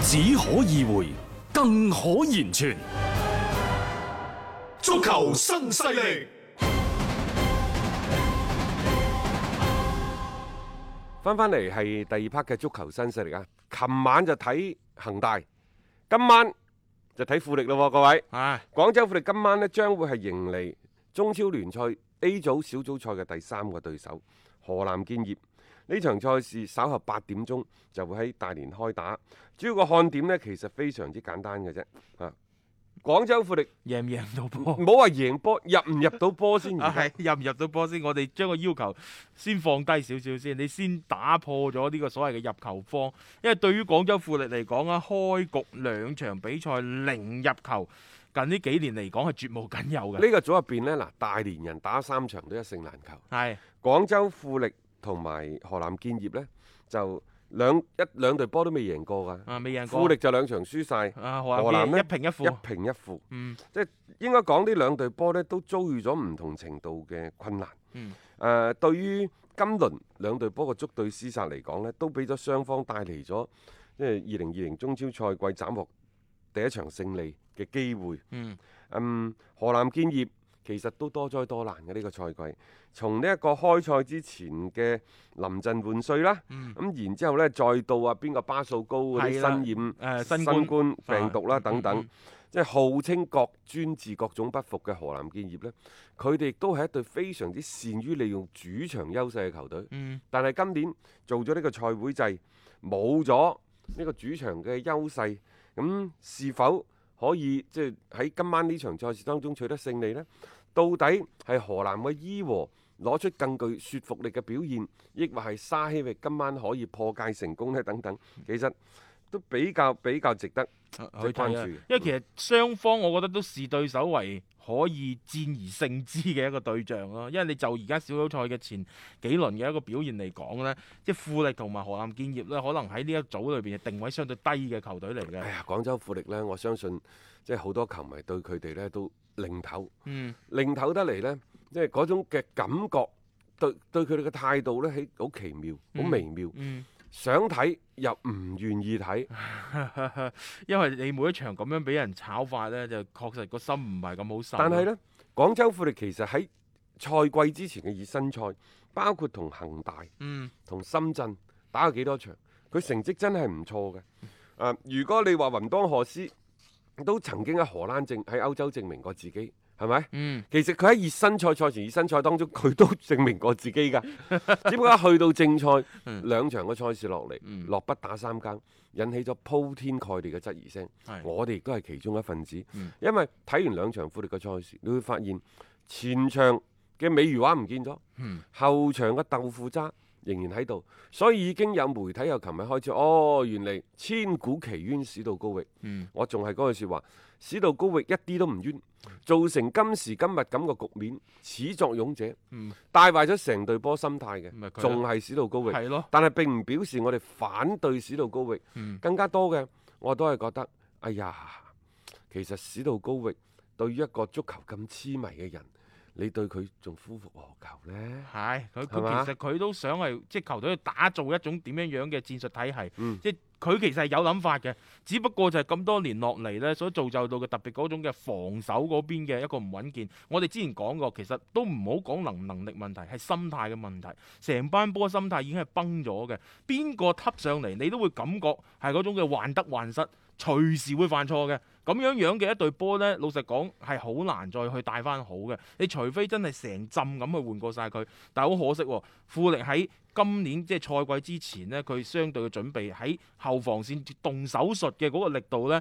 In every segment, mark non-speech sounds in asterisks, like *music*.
只可意會，更可言傳。足球新勢力，翻翻嚟係第二 part 嘅足球新勢力啊！琴晚就睇恒大，今晚就睇富力咯，各位。啊，係廣州富力今晚呢將會係迎嚟中超聯賽 A 組小組賽嘅第三個對手——河南建業。呢場賽事稍後八點鐘就會喺大連開打，主要個看點呢，其實非常之簡單嘅啫。啊，廣州富力贏唔贏到波？唔好話贏波，入唔入到波先。 *laughs* 啊，係入唔入到波先？我哋將個要求先放低少少先。你先打破咗呢個所謂嘅入球荒。因為對於廣州富力嚟講啊，開局兩場比賽零入球，近呢幾年嚟講係絕無僅有嘅。呢個組入邊呢，嗱、啊，大連人打三場都一勝難求。係廣是州富力。同埋河南建業呢，就兩一兩隊波都未贏過噶，啊、過富力就兩場輸晒，河、啊、南一平一負，一平一負，嗯、即係應該講呢兩隊波咧都遭遇咗唔同程度嘅困難。誒、嗯呃，對於今輪兩隊波嘅捉對厮殺嚟講呢都俾咗雙方帶嚟咗即係二零二零中超賽季斬獲第一場勝利嘅機會。嗯，河、嗯、南建業。其實都多災多難嘅呢、這個賽季，從呢一個開賽之前嘅臨陣換帥啦，咁、嗯嗯、然之後呢，再到啊邊個巴數高嗰啲的新染、呃、新冠，新冠病毒啦的等等，嗯嗯、即係號稱各專治各種不服嘅河南建業呢，佢哋都係一隊非常之善於利用主場優勢嘅球隊。嗯、但係今年做咗呢個賽會制，冇咗呢個主場嘅優勢，咁是否可以即係喺今晚呢場賽事當中取得勝利呢？到底係河南嘅伊和攞出更具説服力嘅表現，抑或係沙希域今晚可以破戒成功呢？等等，其實都比較比較值得、啊、去、啊、關注。因為其實雙方我覺得都視對手為可以戰而勝之嘅一個對象咯。因為你就而家小組賽嘅前幾輪嘅一個表現嚟講呢，即係富力同埋河南建業呢，可能喺呢一組裏邊定位相對低嘅球隊嚟嘅。哎呀，廣州富力呢，我相信即係好多球迷對佢哋呢都。零頭，嗯、零頭得嚟呢，即係嗰種嘅感覺，對對佢哋嘅態度呢，係好奇妙，好微妙，嗯嗯、想睇又唔願意睇， *laughs* 因為你每一場咁樣俾人炒法呢，就確實個心唔係咁好受。但係呢，廣州富力其實喺賽季之前嘅熱身賽，包括同恒大、同、嗯、深圳打過幾多場，佢成績真係唔錯嘅。誒、呃，如果你話雲當何師，都曾經喺荷蘭證喺歐洲證明過自己，係咪？嗯、其實佢喺熱身賽賽前熱身賽當中，佢都證明過自己㗎。只 *laughs* 不過去到正賽兩、嗯、場嘅賽事落嚟，嗯、落筆打三更，引起咗鋪天蓋地嘅質疑聲。是我哋都係其中一份子，嗯、因為睇完兩場富力嘅賽事，你會發現前場嘅美如畫唔見咗，嗯、後場嘅豆腐渣，渣。仍然喺度，所以已經有媒體又琴日開始，哦，原嚟千古奇冤史道高域，嗯、我仲係嗰句説話史道高域一啲都唔冤，造成今時今日咁個局面，始作俑者、嗯、帶壞咗成隊波心態嘅，仲係史道高域。係咯，但係並唔表示我哋反對史道高域，嗯、更加多嘅我都係覺得，哎呀，其實史道高域對於一個足球咁癡迷嘅人。你對佢做夫復何求呢？係佢、哎、其實佢都想係即係球隊去打造一種點樣樣嘅戰術體系，嗯、即係佢其實係有諗法嘅。只不過就係咁多年落嚟呢所造就到嘅特別嗰種嘅防守嗰邊嘅一個唔穩健。我哋之前講過，其實都唔好講能唔能力問題，係心態嘅問題。成班波心態已經係崩咗嘅，邊個揼上嚟你都會感覺係嗰種嘅患得患失，隨時會犯錯嘅。咁樣樣嘅一隊波呢，老實講係好難再去帶翻好嘅。你除非真係成浸咁去換過晒佢，但係好可惜、哦。富力喺今年即係賽季之前呢，佢相對嘅準備喺後防線動手術嘅嗰個力度呢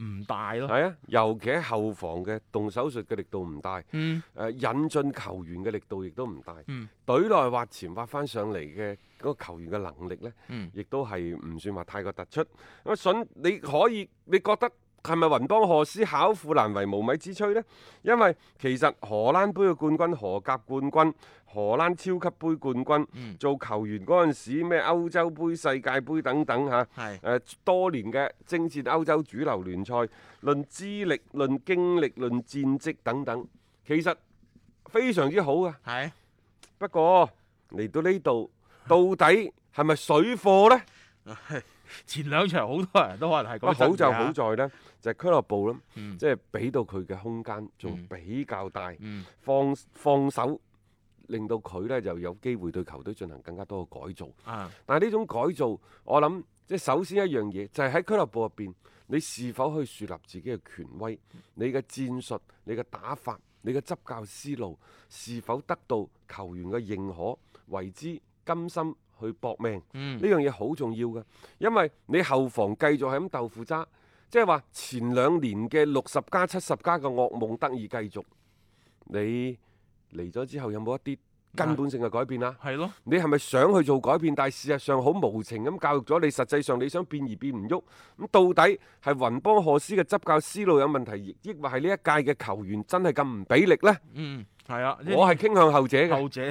唔大咯。係啊，尤其喺後防嘅動手術嘅力度唔大。嗯。引進球員嘅力度亦都唔大。嗯。隊內挖潛挖翻上嚟嘅嗰個球員嘅能力呢，嗯，亦都係唔算話太過突出。咁想你可以，你覺得？係咪雲邦何斯，巧婦難為無米之炊呢？因為其實荷蘭杯嘅冠軍、荷甲冠軍、荷蘭超級杯冠軍，做球員嗰陣時咩歐洲杯、世界杯等等吓，啊、是多年嘅征戰歐洲主流聯賽，論資歷、論經歷、論戰績等等，其實非常之好噶。係是不過嚟到呢度，到底係咪水貨呢？前兩場好多人都可能係噉，好就好在呢，就係、是、俱樂部啦，嗯、即係俾到佢嘅空間仲比較大，嗯嗯、放放手，令到佢呢就有機會對球隊進行更加多嘅改造。啊、但係呢種改造，我諗即係首先一樣嘢，就係、是、喺俱樂部入邊，你是否可以樹立自己嘅權威？你嘅戰術、你嘅打法、你嘅執教思路，是否得到球員嘅認可、為之甘心？去搏命，呢樣嘢好重要㗎，因為你後防繼續係咁豆腐渣，即係話前兩年嘅六十加七十加嘅噩夢得以繼續。你嚟咗之後有冇一啲根本性嘅改變啊？係咯，你係咪想去做改變，但係事實上好無情咁教育咗你，實際上你想變而變唔喐。咁到底係雲邦賀斯嘅執教思路有問題，亦或係呢一屆嘅球員真係咁唔俾力呢？嗯。係啊，我係傾向後者嘅。後者，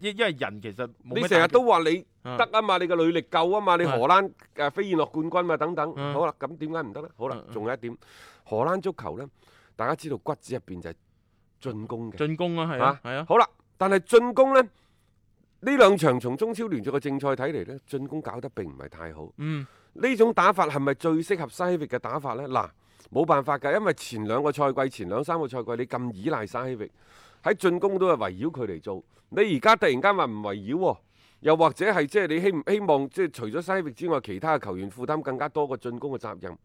因因為人其實你成日都話你得啊嘛，你個履歷夠啊嘛，你荷蘭誒飛燕諾冠軍啊等等。好啦，咁點解唔得咧？好啦，仲有一點，荷蘭足球咧，大家知道骨子入邊就係進攻嘅。進攻啊係啊，係啊。好啦，但係進攻咧呢兩場從中超聯賽嘅正賽睇嚟咧，進攻搞得並唔係太好。嗯。呢種打法係咪最適合沙希域嘅打法咧？嗱，冇辦法噶，因為前兩個賽季、前兩三個賽季你咁依賴沙希域。喺進攻都係圍繞佢嚟做，你而家突然間話唔圍繞，啊，又或者係即係你希唔希望即係除咗沙希域之外，其他嘅球員負擔更加多過進攻嘅責任。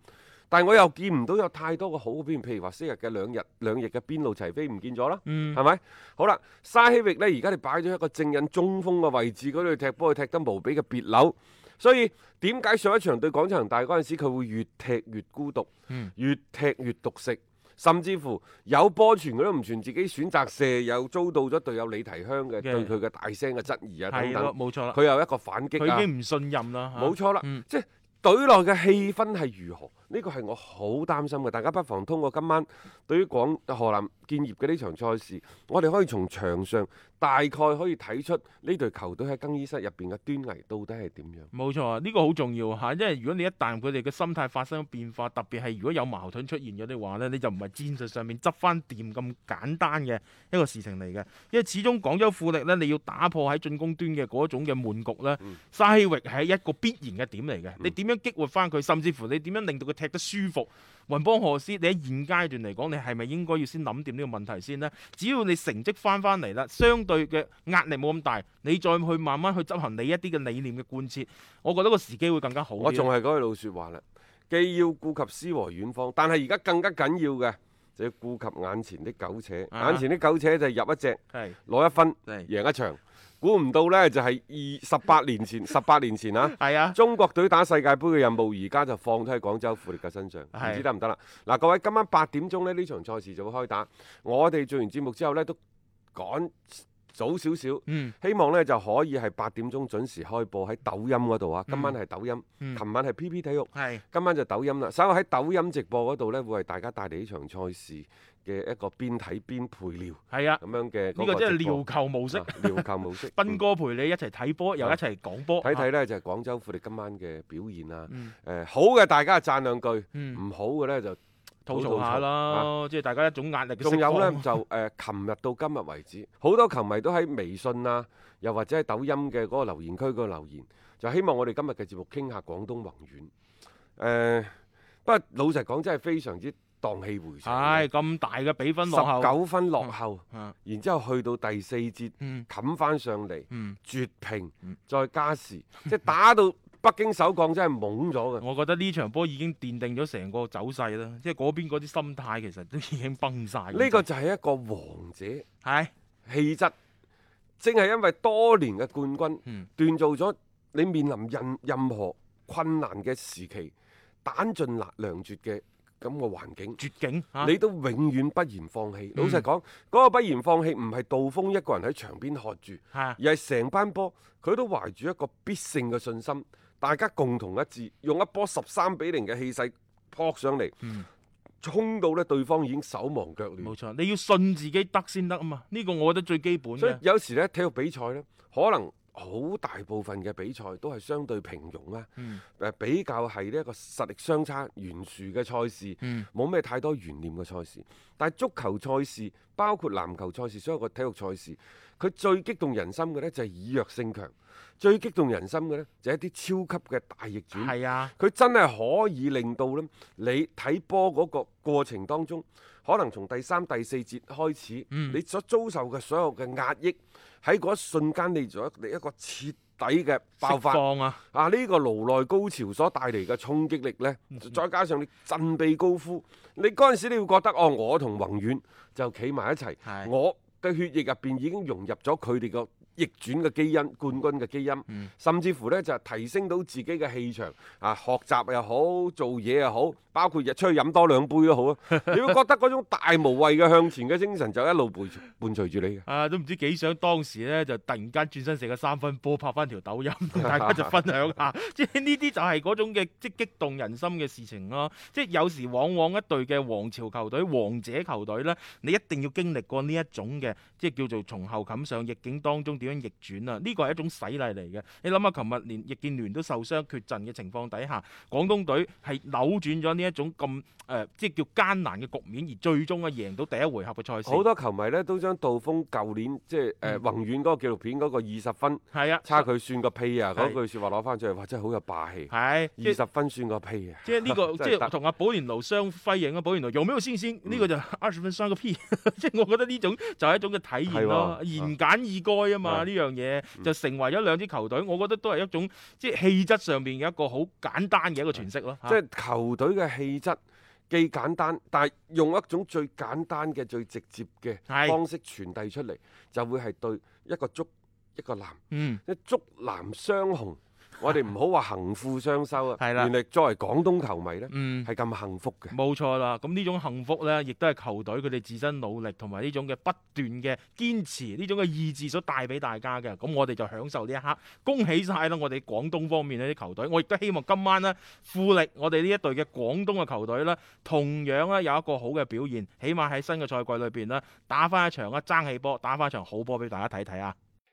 但係我又見唔到有太多嘅好嘅譬如話昔日嘅兩日兩翼嘅邊路齊飛唔見咗啦，係咪、嗯？好啦，沙希域呢而家你擺咗一個正印中鋒嘅位置嗰度踢波，踢得無比嘅別扭。所以點解上一場對廣州恒大嗰陣時佢會越踢越孤獨，越踢越獨食？嗯嗯甚至乎有波傳佢都唔傳，自己選擇射，又遭到咗隊友李提香嘅對佢嘅大聲嘅質疑啊，等等，冇錯啦。佢又一個反擊，啊，佢已經唔信任啦。冇錯啦，嗯、即係隊內嘅氣氛係如何？呢個係我好擔心嘅，大家不妨通過今晚對於廣河南建業嘅呢場賽事，我哋可以從場上大概可以睇出呢隊球隊喺更衣室入邊嘅端倪到底係點樣？冇錯，呢個好重要嚇，因為如果你一旦佢哋嘅心態發生咗變化，特別係如果有矛盾出現咗嘅話呢，你就唔係戰術上面執翻掂咁簡單嘅一個事情嚟嘅，因為始終廣州富力呢，你要打破喺進攻端嘅嗰種嘅悶局呢，沙域係一個必然嘅點嚟嘅，你點樣激活翻佢，甚至乎你點樣令到佢？踢得舒服，雲邦賀斯？你喺現階段嚟講，你係咪應該要先諗掂呢個問題先呢？只要你成績翻翻嚟啦，相對嘅壓力冇咁大，你再去慢慢去執行你一啲嘅理念嘅貫徹，我覺得個時機會更加好。我仲係嗰句老説話啦，既要顧及詩和遠方，但係而家更加緊要嘅就要顧及眼前的苟且。眼前啲苟且就係入一隻，攞、啊啊、一分，的贏一場。估唔到呢就係、是、二十八年前， *laughs* 十八年前啊，啊中國隊打世界盃嘅任務，而家就放喺廣州富力嘅身上，唔、啊、知得唔得啦？嗱、啊，各位今晚八點鐘咧，呢場賽事就會開打。我哋做完節目之後呢，都趕早少少，嗯、希望呢就可以係八點鐘準時開播喺抖音嗰度啊。今晚係抖音，琴、嗯、晚係 PP 體育，啊、今晚就抖音啦。稍後喺抖音直播嗰度呢，會為大家帶嚟呢場賽事。嘅一個邊睇邊陪聊，係啊咁樣嘅，呢個即係聊球模式，聊球模式。斌哥陪你一齊睇波，又一齊講波。睇睇呢，就係廣州富力今晚嘅表現啊！誒好嘅大家讚兩句，唔好嘅呢，就吐槽下啦。即係大家一種壓力。仲有呢，就誒，琴日到今日為止，好多球迷都喺微信啊，又或者喺抖音嘅嗰個留言區個留言，就希望我哋今日嘅節目傾下廣東宏遠。誒不過老實講，真係非常之～蕩氣回腸。咁大嘅比分落後，十九分落後。然之後去到第四節，冚翻上嚟，絕平，再加時，即係打到北京首鋼真係懵咗嘅。我覺得呢場波已經奠定咗成個走勢啦。即係嗰邊嗰啲心態其實都已經崩晒。呢個就係一個王者係氣質，正係因為多年嘅冠軍，鍛造咗你面臨任任何困難嘅時期，彈盡糧糧絕嘅。咁嘅環境，絕境，啊、你都永遠不言放棄。嗯、老實講，嗰、那個不言放棄唔係杜鋒一個人喺場邊喝住，啊、而係成班波，佢都懷住一個必勝嘅信心，大家共同一致，用一波十三比零嘅氣勢撲上嚟，嗯、衝到咧對方已經手忙腳亂。冇錯，你要信自己得先得啊嘛！呢、這個我覺得最基本。所以有時咧體育比賽咧，可能。好大部分嘅比賽都係相對平庸啦、啊，誒、嗯呃、比較係呢一個實力相差懸殊嘅賽事，冇咩、嗯、太多懸念嘅賽事。但係足球賽事，包括籃球賽事，所有個體育賽事，佢最激動人心嘅呢就係、是、以弱勝強，最激動人心嘅呢就係、是、一啲超級嘅大逆轉。佢、啊、真係可以令到呢你睇波嗰個過程當中。可能從第三、第四節開始，嗯、你所遭受嘅所有嘅壓抑，喺嗰一瞬間，你就一你一個徹底嘅爆發啊！呢、啊呢個顱內高潮所帶嚟嘅衝擊力呢，再加上你振臂高呼，你嗰陣時你會覺得哦，我同宏遠就企埋一齊，是我嘅血液入邊已經融入咗佢哋嘅逆轉嘅基因、冠軍嘅基因，嗯、甚至乎呢，就係、是、提升到自己嘅氣場啊！學習又好，做嘢又好。包括日出去飲多兩杯都好啊！你會覺得嗰種大無畏嘅向前嘅精神就一路伴伴隨住你嘅 *laughs* 啊，都唔知幾想當時咧，就突然間轉身射個三分波，拍翻條抖音，大家就分享下。 *laughs* 即係呢啲就係嗰種嘅，即激動人心嘅事情咯。即係有時往往一隊嘅王朝球隊、王者球隊咧，你一定要經歷過呢一種嘅，即係叫做從後冚上逆境當中點樣逆轉啊！呢個係一種洗禮嚟嘅。你諗下，琴日連易建聯都受傷缺陣嘅情況底下，廣東隊係扭轉咗呢？一種咁誒，即係叫艱難嘅局面，而最終啊贏到第一回合嘅賽事。好多球迷咧都將杜鋒舊年即係誒宏遠嗰個紀錄片嗰個二十分係啊，差佢算個屁啊！嗰句說話攞翻出嚟，哇，真係好有霸氣。係二十分算個屁啊！即係呢個即係同阿保連奴相輝映咯，保連奴有咩先先？呢個就二十分算個屁。即係我覺得呢種就係一種嘅體現咯。言簡意賅啊嘛，呢樣嘢就成為咗兩支球隊，我覺得都係一種即係氣質上邊嘅一個好簡單嘅一個詮釋咯。即係球隊嘅。氣質既簡單，但係用一種最簡單嘅、最直接嘅方式傳遞出嚟，是就會係對一個竹一個藍，一、嗯、竹藍雙紅。我哋唔好話行富雙收啊！係嘅。原嚟作為廣東球迷咧，係咁、嗯、幸福嘅。冇錯啦，咁呢種幸福咧，亦都係球隊佢哋自身努力同埋呢種嘅不斷嘅堅持，呢種嘅意志所帶俾大家嘅。咁我哋就享受呢一刻，恭喜晒啦！我哋廣東方面呢啲球隊，我亦都希望今晚咧，富力我哋呢一隊嘅廣東嘅球隊咧，同樣咧有一個好嘅表現，起碼喺新嘅賽季裏邊咧，打翻一場一爭氣波，打翻一場好波俾大家睇睇啊！